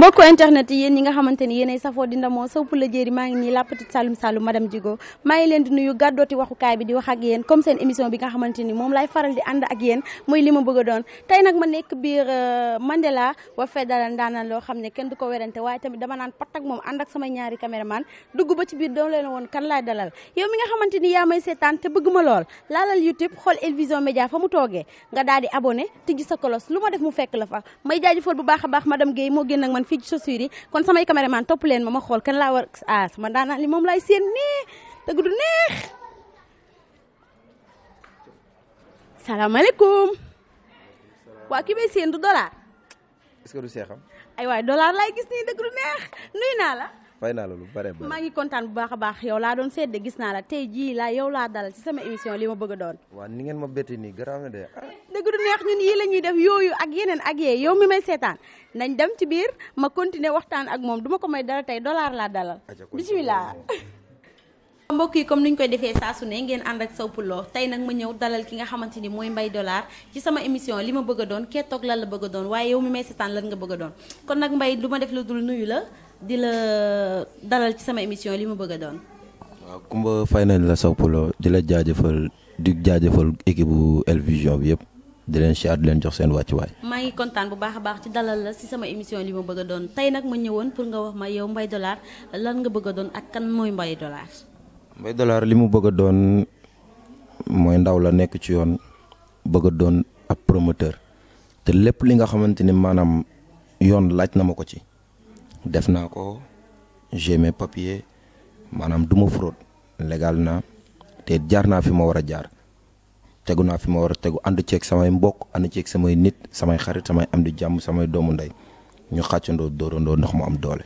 mbokku internet yi ñi nga xamanteni ni safo di ndamo sopp la jéeri ma ngi ni la petite salum salum madame Djigo ma ngi leen di nuyu waxu kay bi di wax ak yeen comme sen émission bi nga xamanteni mom lay faral di and ak yeen muy lima bëgg doon tay nak ma nekk biir euh, Mandela wa fédéral ndana lo xamne ne kenn du ko werante waaye tamit dama nan patak mom and ak sama ñaari caméraman dugg ba ci biir do leen won kan lay dalal yow mi nga xamanteni ya may sétane te bëgg ma lool laalal YouTube xol Elvision Média fa mu toogee nga daal di abonné tijji sa colosse luma def mu fekk la fa may jaajëfal bu baax baax madame gey mo ak man fi ci chaussures yi kon samay caméraman topp leen ma ma xool kan laa war a ah, sama daanaa li moom lay seen nee dëgg du neex salaamaaleykum waa ki may seen du dollar est-ce que du ay waay dollar laay gis nii dëgg du neex nuyu naa la fay naa loolu bare bare maa ngi kontaan bu baax a baax yow laa doon seede gis naa la tey jii laa yow laa dalal ci sama émission li ma bëgg doon waaw ni ngeen ma bette nii garaaw na de dëgg du neex ñun yi la ñuy def yooyu ak yeneen ak yee yow mi may seetaan nañ dem ci biir ma continuer waxtaan ak moom duma ko may dara tey dollar laa dalal bismillah mbokk yi comme ni ñu koy defee saa su ngeen ànd ak Sow Poulo tey nag ma ñëw dalal ki nga xamante ni mooy Mbaye Dollar ci sama émission li ma bëgg a doon kee toog lan la bëgg a doon waaye yow mi may seetaan lan nga bëgg doon kon nag Mbaye du def lu dul nuyu la di la dalal ci sama émission li mu bëgg a doon. waaw Kumba fay nañ la sax di la jaajëfal di jaajëfal équipe bu El bi yëpp di leen siyaar di leen jox seen wàccuwaay. maa ngi kontaan bu baax baax ci dalal la si sama émission li mu bëgg a doon tey nag ma ñëwoon pour nga wax ma yow mbay Dollar lan nga bëgg a doon ak kan mooy Mbaye Dollar. Mbaye Dollar li mu bëgg a doon mooy ndaw la nekk ci yoon bëgg doon ab promoteur te lépp li nga xamante ni maanaam yoon laaj na ma ko ci. def naa ko j'ai mes papiers maanaam du ma fraude légal na te jaar naa fi ma war a jaar tegu naa fi ma war a tegu ànd ceeg samay mbokk ànd ceeg samay nit samay xarit samay am di jàmm samay doomu ndey ñu xàccandoo dóorandoo ndox mu am doole.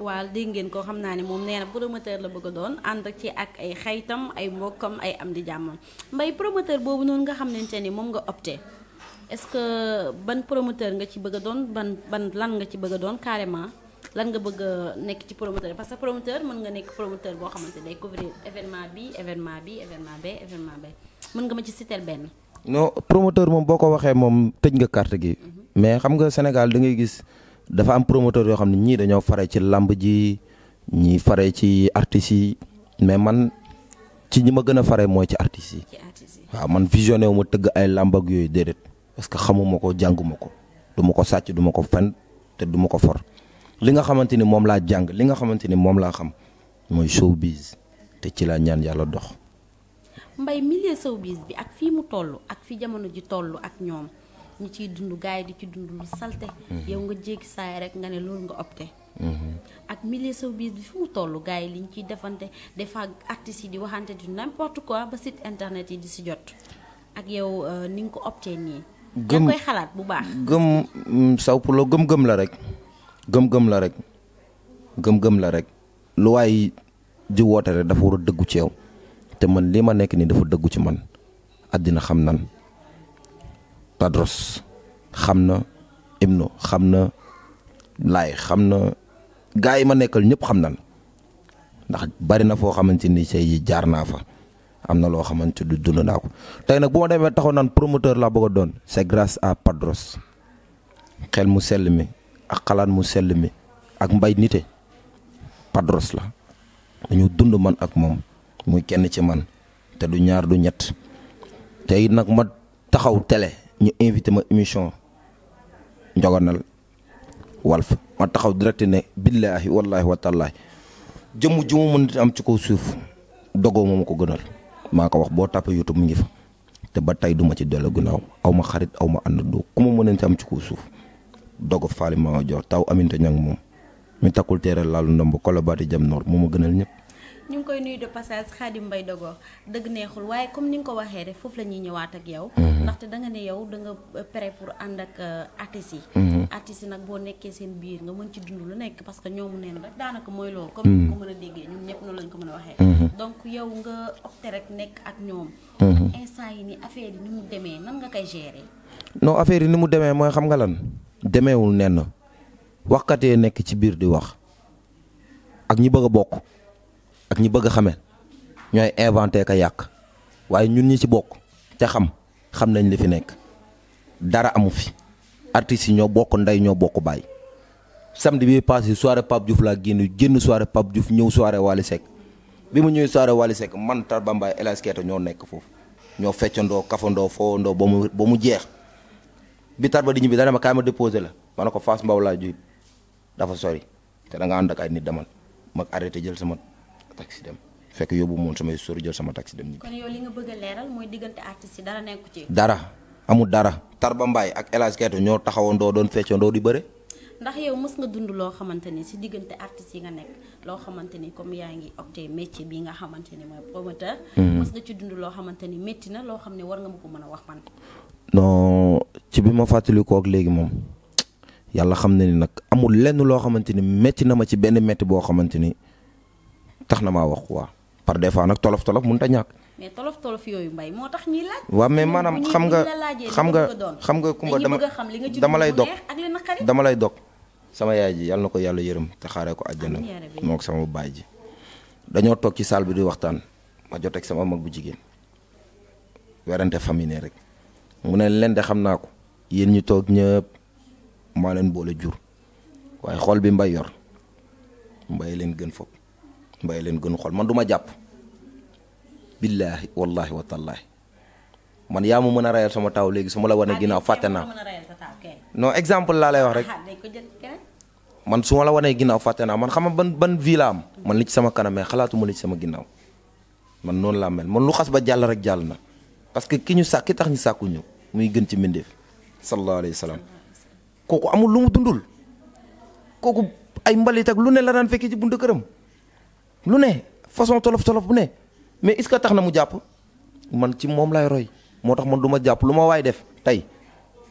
waaw dégg ngeen ko xam naa ni moom nee na promoteur la bëgg a doon ànd ci ak ay xaytam ay mbokkam ay am di jàmmam mbay promoteur boobu noonu nga xamante ni moom nga opté. est-ce que ban promoteur nga ci bëgg doon ban ban lan nga ci bëgg doon carrément lan nga bëgg nek ci promoteur parce que promoteur mën nga nek promoteur bo xamante day couvrir événement bi événement bi événement be événement be mën nga ma ci citer ben non promoteur mom boko ko mom moom nga carte gi mhm. mais xam nga Sénégal da ngay gis dafa am promoteur yo xamni ñi dañoo faré ci lamb ji ñi faré ci artiste yi mais man ci ñima gëna faré moy ci artiste yi wa man visionné wu ma teug ay lamb ak yoy dedet parce que xamuma ko jànguma ko duma ko sàcc duma ko fen te duma ko for li nga xamante ni moom laa jàng li nga xamante ni moom laa xam mooy showbiz te ci laa ñaan yàlla dox. mbay milieu showbiz bi ak fii mu toll ak fi jamono ji toll ak ñoom ñu ciy dund gaay di ci dund lu salte mhm. yow nga jéggi saay rek nga ne loolu nga opte mhm. ak milieu showbiz bi fi mu toll gars yi liñ ciy defante des fois artistes yi di waxante du n'importe quoi ba site internet di si jot. ak yow euh, ni nga ko opté gëm koy xalaat gëm mm, gëm la rek. gëm-gëm la rek. gëm-gëm la rek. lu waay di woote rek dafa war a dëggu ci yow te man lii ma nekk nii dafa dëggu ci man àddina xam na Padros xam na Ibnu xam na Laay xam na gaa yi ma nekkal ñëpp xam na ndax bari na foo xamante ni say jaar naa fa. am na loo xamante du dund naa ko tey nag bu demee taxaw naan promoteur laa bëgg a doon c'est grâce à Padros xel mu sell mi ak xalaat mu sell ak mbay nite Padros la dañu dund man ak moom muy kenn ci man te du ñaar du ñett te nag ma taxaw tele ñu invité ma émission njogonal Walf ma taxaw direct ne billaahi wallaahi wa taalaahi jëmm ju mu mën am ci kaw suuf dogoo moom ko gënal maa ko wax boo tàppee youtube mu ngi fa te ba tey duma ci dellu ginnaaw aw ma xarit aw ma àndandoo ku ma mën ci am ci kaw suuf dogo faali maa jox taw aminte ñang moom mi takkul teere laalu ndomb kolobaati jam noor moo ma gënal ñëpp ñu ngi koy nuyu de passage Khadim Mbaye Dogo dëgg neexul waaye comme ni nga ko waxee rek foofu la ñuy ñëwaat ak yow. Mm-hmm. ndaxte da nga ne yow da nga euh, prêt pour ànd ak euh, mm-hmm. artistes yi. nag boo nekkee seen biir nga mën ci dund lu nekk parce que ñoom neen rek daanaka mooy loolu. comme ni ko mm-hmm. ñëpp noonu lañ ko mën a waxee. donc yow nga opté nekk ak ñoom. instant yi ni affaire yi ni mu demee nan nga koy gérer. noo affaire ni mu demee mooy xam nga lan demeewul nenn waxkat yi nekk ci biir di wax ak ñi bëgg bokk. ak ñi bëgg a xamee ñooy inventé ka yàq waaye ñun ñi ci bokk te xam xam nañ li fi nekk dara amu fi artistes yi ñoo bokk ndey ñoo bokk baay samedi bi passé soirée Pape Diouf laa génn génn soirée Pape Diouf ñëw soirée Wally Seck bi mu ñëwee soirée Wally Seck man Tarba Mbaye El Hadj ñoo nekk foofu ñoo feccandoo kafandoo foowandoo ba mu ba mu jeex bi Tarba di ñibbi dana ma kaay ma déposé la ma ne ko Fass Mbaw laa jub dafa sori te da nga ànd ak ay nit demal mag arrêté jël taxi dem fekk yobbu mon sama sori jël sama taxi dem. kon yow li nga bëgg a moy digënté artiste dara nekku ci. dara amul dara. Tarba mbay ak elas Hadj Keita taxawon do doon feccandoo di bëré ndax yow mës nga dund lo xamanteni ci si artiste yi nga nek lo xamanteni comme yaangi ngi opté métier bi nga xamanteni moy promoteur. Hmm. mës nga ci dund lo xamanteni ni na lo xamné war nga mako mëna wax man. non ci bima fatali ko ak légui mom yalla xamné ni nak amul lenn lo xamanteni metti na ma ci benn metti bo xamanteni tax na maa wax waa par des fois nag tolof tolof mun a ñàkk. mais tolof tolof yooyu mbay moo tax ñuy mais maanaam xam nga xam nga xam nga kumba dama dama lay dog dama lay dog sama yaay ji yàlla na ko yàlla yërëm te xaaree ko àjjana moo ko sama baay ji dañoo toog ci salle bi di waxtaan ma jot sama mag bu jigéen werante famille ne rek mu ne leen de xam naa ko yéen ñu toog ñëpp maa leen boole jur waaye xool bi mbay yor mbay leen gën fopp bàyyi leen gën xol man duma japp billahi wallahi wa tallahi man ya mu meuna rayal sama taw legi sama la wone ginaaw fatena non exemple la lay wax rek ah, man suma la wone ginaaw fatena man xama ban ban man li ci sama kanam xalaatu mu li ci sama ginaaw man non la mel man lu xass ba jall rek jall na parce que kiñu sakki tax ñu sakku ñu muy gën ci mindeef sallallahu alayhi wasallam. koku amul lu mu dundul koku ay mbalit ak lu ne la dan fekk ci buntu kërëm lu ne façon tolof tolof bu ne mais est-ce que taxna mu japp man ci mom lay roy motax man duma japp luma way def tay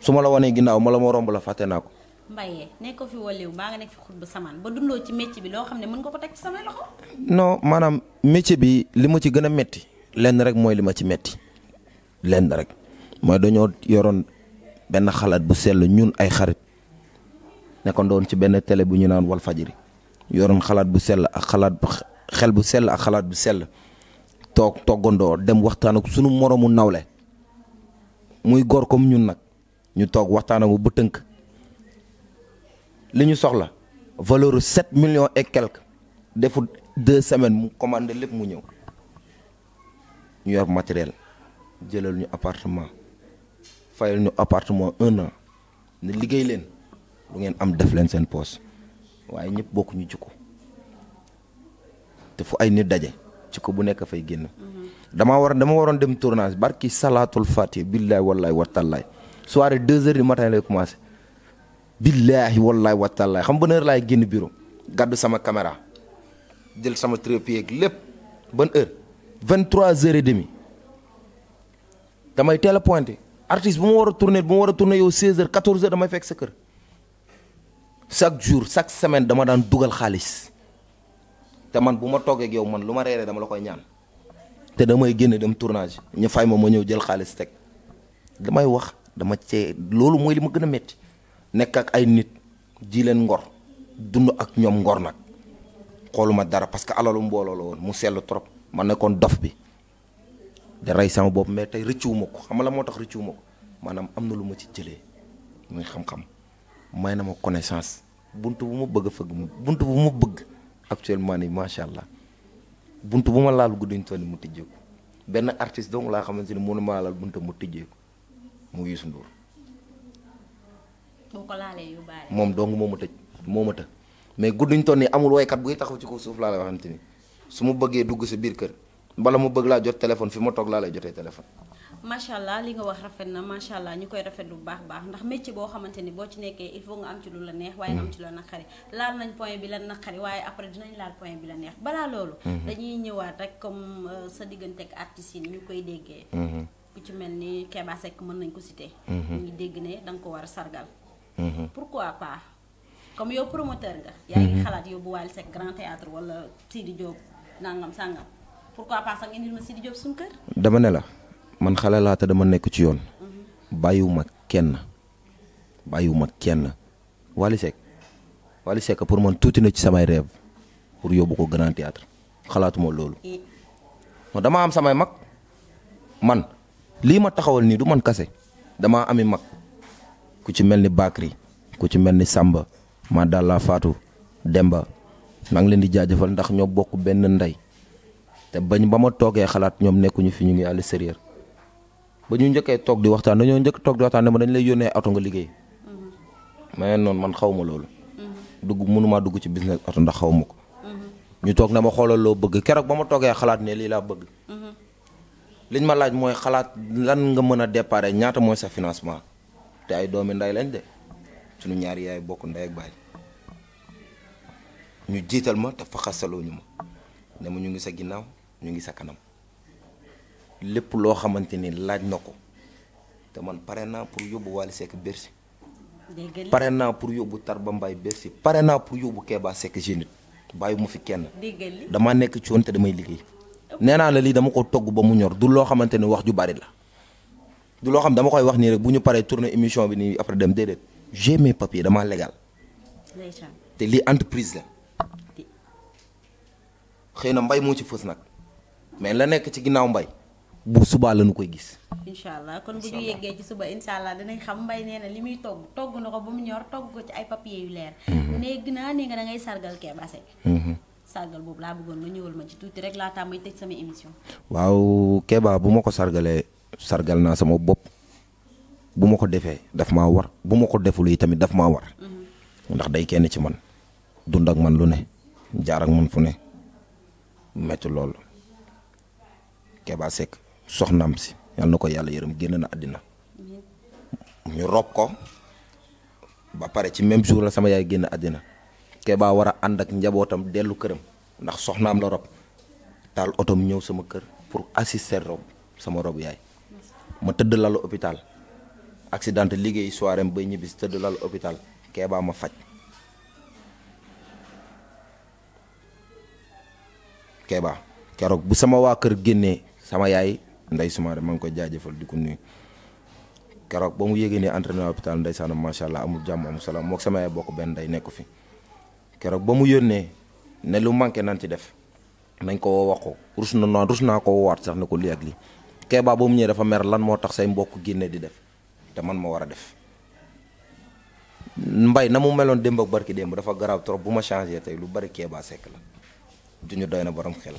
suma la woné ginnaw mala mo romb la faté nako Mbaye ne ko fi wolew ma nga nek fi khutba saman ba dundo ci métier bi lo xamné ne mën nga ko tek ci samay loxo. non manam métier bi li ci gëna metti lenn rek moy li ci metti lenn rek mooy daño yoron ben xalat bu sel ñun ay xarit ko doon ci ben télé bu ñu naan fajiri yoron xalat bu sel ak xalat xel bu sell ak xalaat bu sell toog toggandoo dem waxtaan ak sunu moroomu nawle muy góor comme ñun nag ñu toog waxtaan bu tënk li ñu soxla valeur sept million et quelques defu deux semaines mu commandé lépp mu ñëw ñu yor matériel jëlal ñu appartement fayal ñu appartement un an ne liggéey leen lu ngeen am def leen seen poos waaye ñëpp bokk ñu jikko te fu ay nit daje ci ko bu nek fay génn dama war dama waron dem tournage barki salatul fatih billahi wallahi wa watallaay soirée 2 2h du matin lay commencé billahi wallahi wa watallaay xam bu neur lay génn bureau gàddu sama caméra jël sama trépied ak lépp ban heure 23 trois heures et demi damay télé pointé artiste bu mo wara tourner bu mo wara tourner tourné yow seize heures quatorze heures damay fekk sa kër chaque jour chaque semaine dama daan dougal xaalis té man buma togué ak yow man luma réré dama la koy ñaan té damaay génné dem tournage ñu fay ma mo ñew jël xaaliss teg damaay wax dama ci lolu moy li ma gën a ak ay nit ji len ngor dund ak ñom ngor nak xoluma dara parce que alalu mbolo lo won mu sell trop man nekkon dof bi da ray sama bop mais tay rëccuwuma xam la motax ci jëlé muy xam-xam may ma connaissance buntu bu mu bëgg fëgg buntu bu mu bëgg actuellement nii macha allah bunt bu ma laal guddi ñu toll mu tijjeeku benn artiste dong laa xamante ni mënu maa laal bunta mu tijjeeku mu Youssou Ndour. boo ko laalee yu baale. moom dong moo ma tëj moom ma tëj mais guddi ñu toll nii amul woykat buy taxaw ci ko suuf laa la waxante ni su ma bëggee dugg si biir kër mbala ma bëgg laa jot téléphone fi ma toog laa lay jotee téléphone. macha li nga wax rafet na macha ñukoy rafet lu baax baax ndax métier bo xamanteni bo ci nekké il faut nga am ci lu la neex waye am ci lo nakari laal nañ point bi la nakari waye après dinañ laal point bi la neex bala lolu mhm. dañuy ñëwaat rek comme euh, sa digënté ak artiste yi ni ñu koy mhm. ku ci melni Keba sek mën nañ ko cité mhm. ñi dégg né dang ko wara sargal pourquoi pas comme yo promoteur nga ya ngi xalaat bu wal sek grand théâtre wala Sidi job nangam sangam pourquoi pas sax indi indil ma Sidi job suñu kër dama né la man xale laa te dama nekk ci yoon bàyyiwuma kenn bàyyiwuma kenn Wally Seck Wally Seck pour man tuuti na ci samay rêve pour yóbbu ko grand théâtre xalaatuma loolu dama am samay mak man lima ma taxawal nii du man kase dama ami mak ku ci Bakri ku ci Samba ma dalla Fatou Demba mang ngi leen di jaajëfal ndax ñoo bokk benn ndey te bañ ba ma toogee xalaat nekkuñu fi ñu ngi à ba ñu njëkkee toog di waxtaan dañoo njëkk toog di waxtaan ne ma dañ lay yónnee oto nga liggéey mm-hmm. ma ne noonu man xaw ma loolu mm-hmm. dugg mënumaa dugg ci business oto ndax xaw ma ko mm-hmm. ñu toog ne ma xoolal loo bëgg keroog ba ma toogee xalaat ne lii laa bëgg liñ ma laaj mooy xalaat lan nga mën a déparé ñaata mooy sa financement te ay doomi nday lañ de suñu ñaari yaay bokk ndey ak baay ñu jiital ma te fa xasaloo ñu ma ne ma ñu ngi sa ginnaaw ñu ngi sa kanam lépp loo xamante ni laaj na ko te man pare naa pour yóbbu Wally Seck Bercy pare naa pour yóbbu tar Tarba Mbaye Bercy pare naa pour yóbbu Keba Seck Zénith bàyyi mu fi kenn damaa nekk ci te damay liggéey nee naa la lii dama ko togg ba mu ñor du loo xamante ni wax ju bari la du loo xam dama koy wax nii rek bu ñu paree tourner émission bi nii après dem déedéet j'ai mes papiers legal te lii entreprise la xëy na mbay moo ci fës nag mais la nekk ci ginnaaw mbay bu subaa la ñu koy gis. incha allah kon bu ñu yeggee ci suba incha allah dinañ xam mbay nee na li muy togg togg na ko ba mu ñor togg ko ci ay papier yu leer. léegi mhm. naa ne nga da ngay sargal Keba Seck. Mhm. sargal boobu laa bëggoon nga ñëwal ma ci tuuti rek laataa may tëj sama émission. waaw Keba bu ma ko sargalee sargal naa sama bopp bu ma ko defee daf ma war bu ma ko deful yi tamit daf maa war. Mhm. ndax day kenn ci man dund ak man lu ne jaar ak man fu ne metti loolu soxnam si yang nako yalla yeureum genn na adina ñu rob ko ba paré ci même jour la sama yaay genn adina, Keba wara wara and ak njabotam delu kërëm ndax soxnam la rob otom ñew sama kër pour assister rob sama rob yaay ma la lalu hôpital accident liggéey soirée bay teud la lalu hôpital Keba ma ke Keba kérok bu sama wa kër genné sama yaay ndey Soumaré ma ngi koy jaajëfal di ko nuyu keroog ba mu yégee ne entraînement hôpital ndeysaanam macha allah amul jàmm amul salaam moog sama yaay bokk benn day nekk fi keroog ba mu yónnee ne lu manqué nan ci def nañ ko woo wax ko rus na naa rus naa ko woowaat sax ne ko lii ak lii keebaa ba mu ñëwee dafa mer lan moo tax say mbokk génne di def te man ma war a def mbay na mu meloon démb ak barki démb dafa garaaw trop bu ma changé tey lu bari keebaa sekk la du ñu doy na borom xel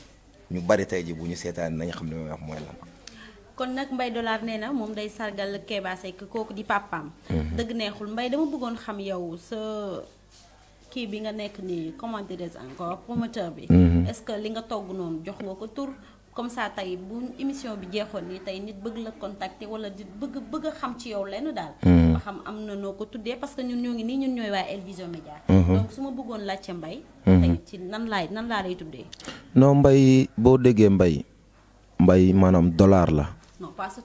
ñu bari tey ji bu ñu seetaan nañ xam ne mooy wax mooy lan kon nag Mbaye Dollar nee na moom day sargal Keba Seck kooku di papaam. Mhm. dëgg neexul mbay dama bëggoon xam yow sa kii bi nga nekk nii comment des encore promoteur bi. Mhm. est-ce que li nga togg noonu jox nga ko tur. comme ça tey bu émission bi jeexoon nii tey nit bëgg la contacter wala di bëgg bëgg xam ci yow lenn daal. Mhm. ba xam am na noo ko tuddee parce que ñun ñoo ngi nii ñun ñooy waa El Vision Média. donc su ma bëggoon laajte mbay. ci nan laay nan laa lay tuddee. non mbay boo déggee mbay mbay maanaam dollar la non pas sa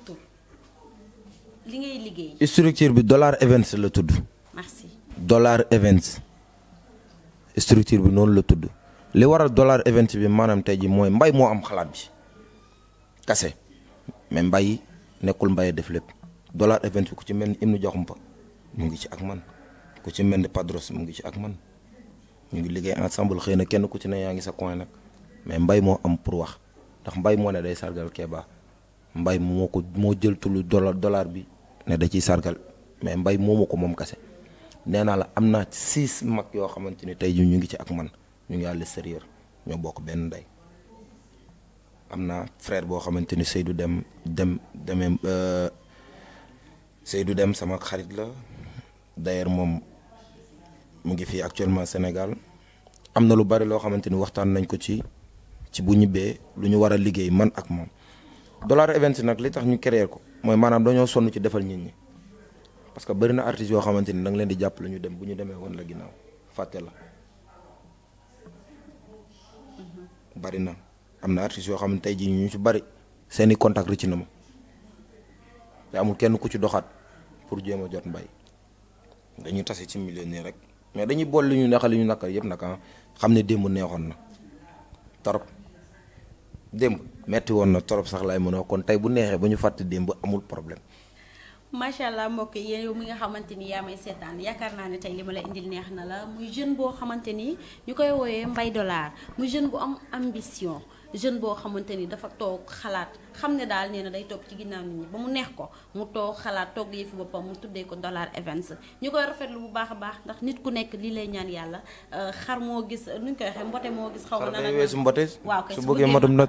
li ngay liggéey. structure bi dollar events la tudd. merci dollar events structure bi noonu la tudd li waral dollar events bi maanaam tey ji mooy mbay moo am xalaat bi kase mais mbay nekkul mbay def lépp dollar events bi ku ci mel ni Ibnu Jaxumpa mu ngi ci ak man ku ci mel ni Padros mu ngi ci ak man mu ngi liggéey ensemble xëy na kenn ku ci ne yaa ngi sa coin nag mais mbay moo am pour wax ndax mbay moo ne day sargal Kéba. mbay moo ko jël tulu dollar dollar bi ne da ci sargal mais mbay moomu ko kasse kase la amna 6 mak yo xamanteni tay ñu ngi ci ak man ñu ngi yalla sérieur ño bok ben nday amna frère bo xamanteni Seydou Dem dem euh Seydou Dem sama xarit la d'ailleurs mom, mu ngi fi actuellement Sénégal amna lu bari lo xamanteni waxtan nañ ko ci ci bu ñibé lu ñu wara liggéey man ak mom Dollar Event nak li tax ñu créer ko mooy maanaam dañoo sonn ci defal nit ñi parce que na artistes yoo xamante nang da leen di jàppale ñu dem bu ñu demee woon la ginnaaw fàtte la bari na am na artistes yoo xam ne tey ñu ci bari seeni contact rëcc na ma te amul kenn ku ci doxaat pour jéem a jot mbay dañuy tase ci millionnaire rek mais dañuy bool li ñu neex li ñu nakal ah. na trop démb metti woon na trop sax laay mënoo kon tey bu neexee ba ñu fàtte démb amul problème. macha allah mbokk yi yow mi nga xamante ni yaa may seetaan yaakaar naa ne tey li ma la indil neex na la muy jeune boo xamante ni ñu koy wooyee Mbaye Dollar muy jeune bu am ambition jeune boo xamante ni dafa toog xalaat. xam ne daal nee na day topp ci ginnaaw nit ñi ba mu neex ko mu toog xalaat togg yëfi boppam mu tuddee ko Dollar Events ñu koy rafetlu bu baax a baax ndax nit ku nekk lii lay ñaan yàlla euh, xar moo gis nuñ koy waxee mbote moo gis xaw ma na weesu mbote waaw kay su bëggee matum na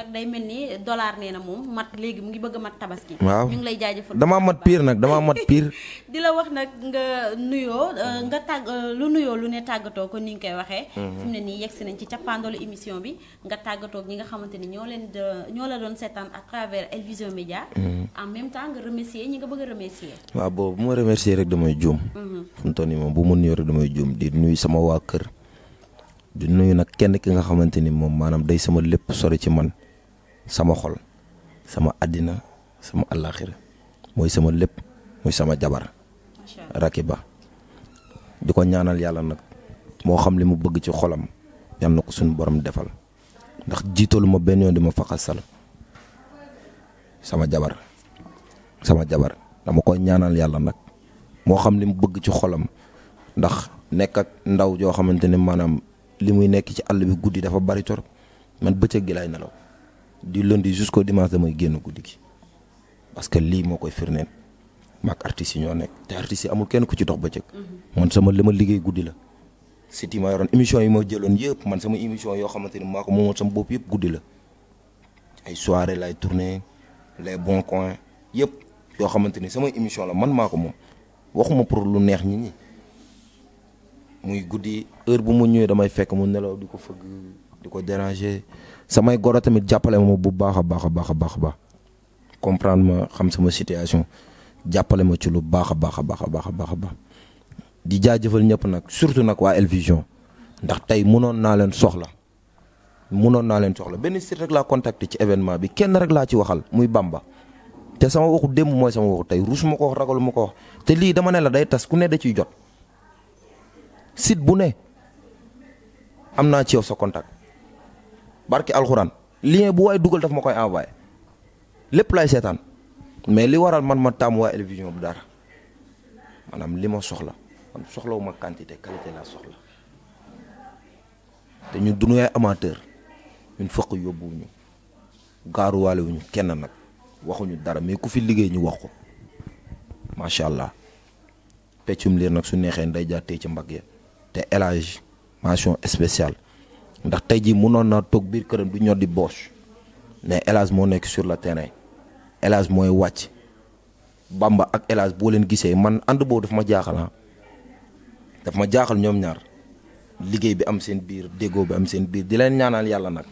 nag day mel ni dollar nee na moom mat léegi mu ngi bëgg mat tabaski waaw ñu ngi lay jaajëfal damaa mat piir nag damaa mat piir di la wax nag nga nuyoo euh, nga tàgg euh, lu nuyoo lu ne tàggatoo ko ni nga koy waxee mhm. fi mu ne nii yegg nañ bi nga doon sétane à travers Elvision Media mm-hmm. en même temps nga remercier ñi nga bëgg remercier. wa bo bu ma remercier rek damay joom mm-hmm. fu mu mom bu mu nuyoo rek damay joom di nuyu sama wa kër. di nuyu nak kenn ki nga xamanteni mom moom day sama lepp sori ci man sama xol sama adina sama alakhir moy sama lepp moy sama jabar. rakiba diko ñaanal yalla nak mo xam li mu bëgg ci xolam yalla ko suñu borom defal ndax jitoluma ben yon yoon di salam sama jabar sama jabar dama koy ñaanal yàlla nag moo xam ni mu bëgg ci xolam ndax nekk ak ndaw joo xamante ne maanaam li muy nekk ci àll bi guddi dafa bari tor man bëccëg gi laay nelaw di lundi jusqu'au dimanche damay génn guddi gi parce que lii moo koy firneen maag artistes yi ñoo nekk te artistes yi amul kenn ku ci dox bëccëg. Mhm. man sama li ma liggéey guddi la. site yi ma yoroon émission yi ma jëloon yëpp man sama émission yoo xamante ni maa ko moomoon sama bopp yëpp la les bons coins Yep, yo xamanteni sama émission la man mako mom waxuma pour lu neex nit ñi muy goudi heure bu mu damay fekk mu nelaw di feug diko déranger samay goro tamit jappalé mo bu comprendre ma xam sama situation jappalé ma ci lu di jaajeufal ñëpp surtout nak wa El Vision ndax tay soxla. munoon naa leen soxla benn sit rek laa contacté ci événement bi kenn rek laa ci waxal muy Bamba te sama waxu démb mooy sama waxu tey ruus ma ko wax ragalu ma ko wax te lii dama ne la day tas ku ne da ciy jot sit bu ne am naa ci yow sa contact barki alxuraan lien bu waay dugal daf ma koy envoyé lépp laay seetaan mais li waral man ma tàmm waa télévision bu dara maanaam li ma soxla man soxlawu ma quantité qualité laa soxla te ñu dunuyaay amateur ñun fëq yóbbuwuñu gaaruwaale wuñu kenn nag waxuñu dara mais ku fi liggéey ñu wax ko macha allah peccum liir nag su neexee nday jàttee ci mbagg ya te élage mention spéciale ndax tey jii mënoon naa toog biir këram du ñor di booche mais élage moo nekk sur le terrain élage mooy wàcc bamba ak élage boo leen gisee man ànd boobu daf ma jaaxal ah. dafa ma jaaxal ñoom ñaar liggéey bi am seen biir déggoo bi am seen biir di leen ñaanal yàlla nag.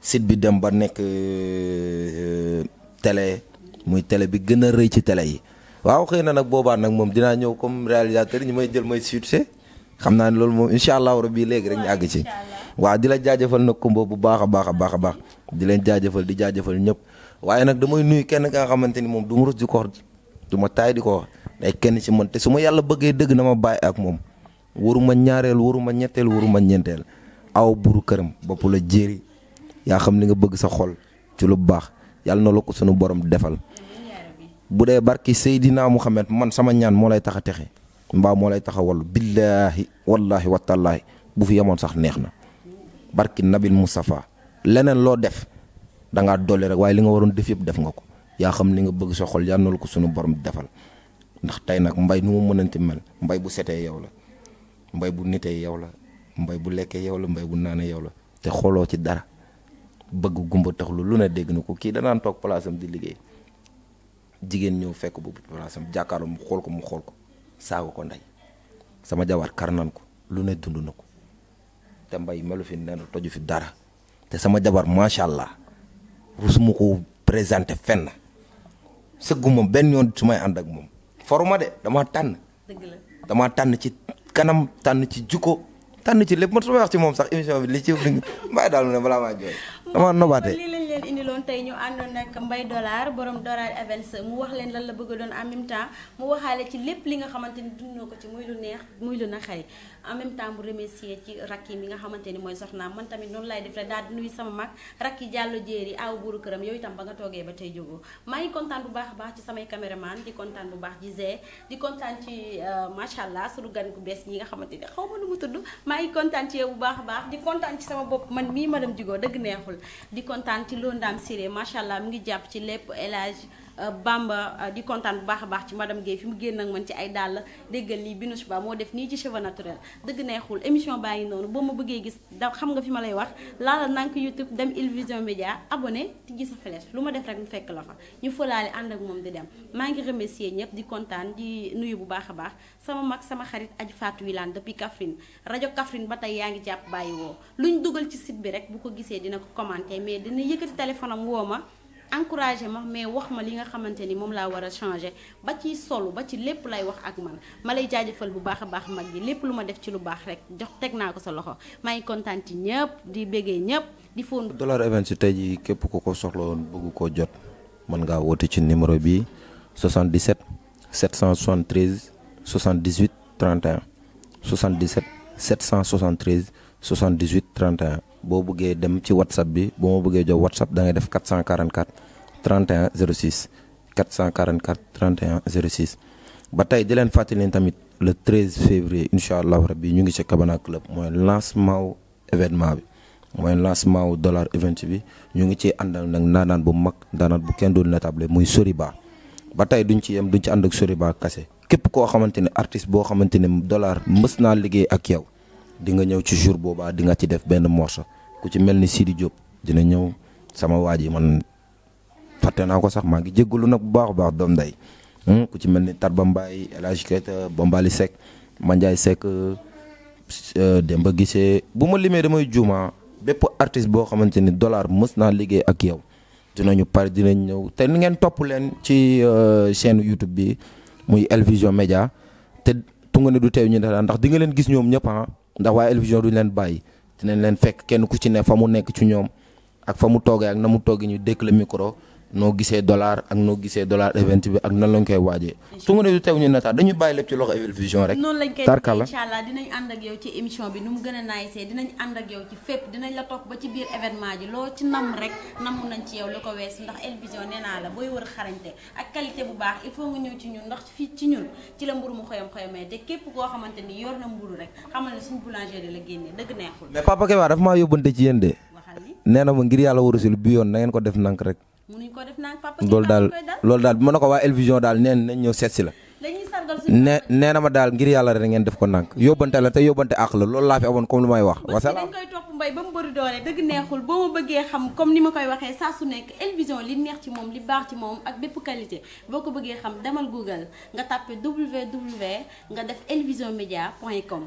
sit bi dem ba nekk euh, euh, tele muy télé bi gën a rëy ci télé yi waaw xëy na nag boobaa nag moom dinaa ñëw comme réalisateur ñi may jël may succès xam naa ne loolu moom incha allah rabi léegi rek ñu àgg ci. waa di la jaajëfal nag Coumba bu baax a baax a baax a baax di leen jaajëfal di jaajëfal ñëpp waaye nag damay nuyu kenn ka nga xamante ni moom du ma rus di ko wax du ma taay di ko day kenn ci man te su ma yàlla bëggee dëgg na ma baay ak moom ma ñaareel ma ñetteel waruma ñeenteel aw buru këram bopp la jéeri Ya xam li nga bëgg sa xol ci lu baax yalla na la ko suñu borom defal bu dé barki sayidina Muhammad man sama ñaan mo lay taxa a mba mo lay tax a wallu billaahi wallaahi bu fi yamon sax neexna barki Nabil mustafa lenen lo def da nga dolé rek way li nga waron def yëpp def nga ko ya xam li nga bëgg sa xol yalla na la ko suñu borom defal ndax tay nak mbay nu mu mënanti mel mbay bu sété yow la mbay bu nité yow la mbay bu yow la mbay bu yow la té xolo ci dara bëgg gumba taxlu lu ne dégg na ko kii danaan toog place di liggéey jigéen ñëw fekk bu place am jàkkaarloo mu xool ko mu xool ko saaga ko ndey sama jabar kar nan ko lu ne dund na ko te mbay melu fi nee na toju fi dara te sama jabar macha allah rusuma ko présenté fenn sëgguma benn yoon su may ànd ak moom foruma de damaa tànn damaa tànn ci kanam tànn ci jukko tànn ci lépp ma su wax ci moom sax émission bi li ci mbay daal mu ne balaa maa jooy dama nobaate. lii lañ leen indiloon tey ñu àndoon nag mbay Dollar borom Dollar Events mu wax leen lan la bëgg doon en même temps mu waxaale ci lépp li nga xamante ni dund ko ci muy lu neex muy lu na naqari en même temps bu remercier ci rakk yi mi nga xamante ni mooy soxna man tamit noonu lay def rek daal di sama mag rakk yi jàllo jéeri aaw buuru këram yow itam ba nga toogee ba tey jógoo maa ngi kontaan bu baax a baax ci samay caméraman di kontaan bu baax ci di kontaan ci euh, macha allah suñu gan ku bees ñi nga xamante ni xaw ma nu mu tudd maa ngi kontaan ci yow bu baax a baax di kontaan ci sama bopp man mii ma madame Diogo dëgg neexul di kontaan ci londaam ndaam macha allah mi ngi jàpp ci lépp élage Euh, Bamba euh, di kontaan bu baax a baax ci ma dem Guèye fi mu génn ak man ci ay dàll déggal lii Binouche Ba moo def nii ci cheveux naturel dëgg neexul émission baa ngi noonu boo ma bëggee gis da xam nga fi ma lay wax laala nank YouTube dem Il Vision Média abonné ti gis sa flèche lu ma def rek mu fekk la fa ñu fëlaale ànd ak moom di dem maa ngi remercier ñëpp di kontaan di nuyu bu baax a baax sama mag sama xarit aji Fatou Wilane depuis Kaffrine rajo Kaffrine ba tey yaa ngi jàpp bàyyi woo luñ dugal ci site bi rek bu ko gisee dina ko commenté mais dina yëkkati woo ma encouragé ma mais wax ma li nga xamante ni moom laa war a changé ba ci solu ba ci lépp lay wax ak man ma lay jaajëfal bu baax a baax mag yi lépp lu ma def ci lu baax rek jox teg naa ko sa loxo maa ngi kontaan ci ñëpp di béggee ñëpp di fóon. Dollar Event si tey jii képp ku ko soxla woon bëgg koo jot mën ngaa woote ci numéro bi 77 773 78 31 77 773 78 31. boo bëggee dem ci whatsapp bi boo ma bëggee jox whatsapp da ngay def 444 31 06 444 31 06 ba tey di leen fàttali leen tamit le 13 février incha allahu rabbi ñu ngi ci Kabana Club mooy lancement wu événement bi mooy lancement wu dollar event bi ñu ngi ci àndal nag naanaan bu mag ndaanaan bu kenn doon natable muy Soriba ba tey duñ ci yem duñ ci ànd ak Soriba kase képp koo xamante ne artiste boo xamante ne dollar mës naa liggéey ak yow di nga ñew ci jour boba di nga ci def ben morceau ku ci melni Sidi job dina ñew sama waji man faté na ko sax ma ngi jéggulu nak bu baax baax doom day hmm? ku ci melni Tarba mbay El Hadj Keita Bambali Seck Mandiaye Seck euh, Demba Gisee buma limé damay juma bép artiste bo xamanteni dollar mësna liggé ak yow dinañu pare dinañ ñëw te ni ngeen top leen ci euh, chaîne YouTube bi muy elvision media té te tunga ne du tew ñu dara ndax di nga leen gis ñom ñepp ha ah. ndax waaye El Vision duñ leen bàyyi dinañ leen fekk kenn ku ci ne fa mu nekk ci ñoom ak fa mu toogee ak na mu toogee ñu dégg le micro noo gisee dollar ak noo gisee dollar event bi ak nan lañ koy waajee. incha du teew ñu nataal dañu bàyyi lépp ci loxo Evel Vision rek. tarka la noonu lañ koy incha allah dinañ ci émission bi nu ci fépp dinañ la topp ba ci biir événement nee naa la booy wër xarañte ak qualité bu baax il faut nga ñëw ci ñun ndax fii ci ñun ci la mburu mu xoyam xoyamee te képp koo xamante ni yor na mburu rek xamal ne suñu boulangerie la génnee dëgg neexul. Papa Kewa dafa maa yóbbante ci yéen de. waxal ni na ma ngir yàlla wërusul bi yoon na ko def nank rek mënuñ ko def naan papa loolu daal loolu daal bi ma ne ko waa El daal neen nañ ñëw seet si la ne nee na ma daal ngir yàlla rek ngeen def ko nànk yóbbante la te yóbbante ak la loolu laa fi amoon comme lu may wax wasalaam dañ koy topp mbay ba xam comme ni ma koy waxee saa su nekk El Vision li neex ci moom li baax ci moom ak bépp qualité boo ko bëggee xam demal Google nga tàppe www nga def elvisionmedia point com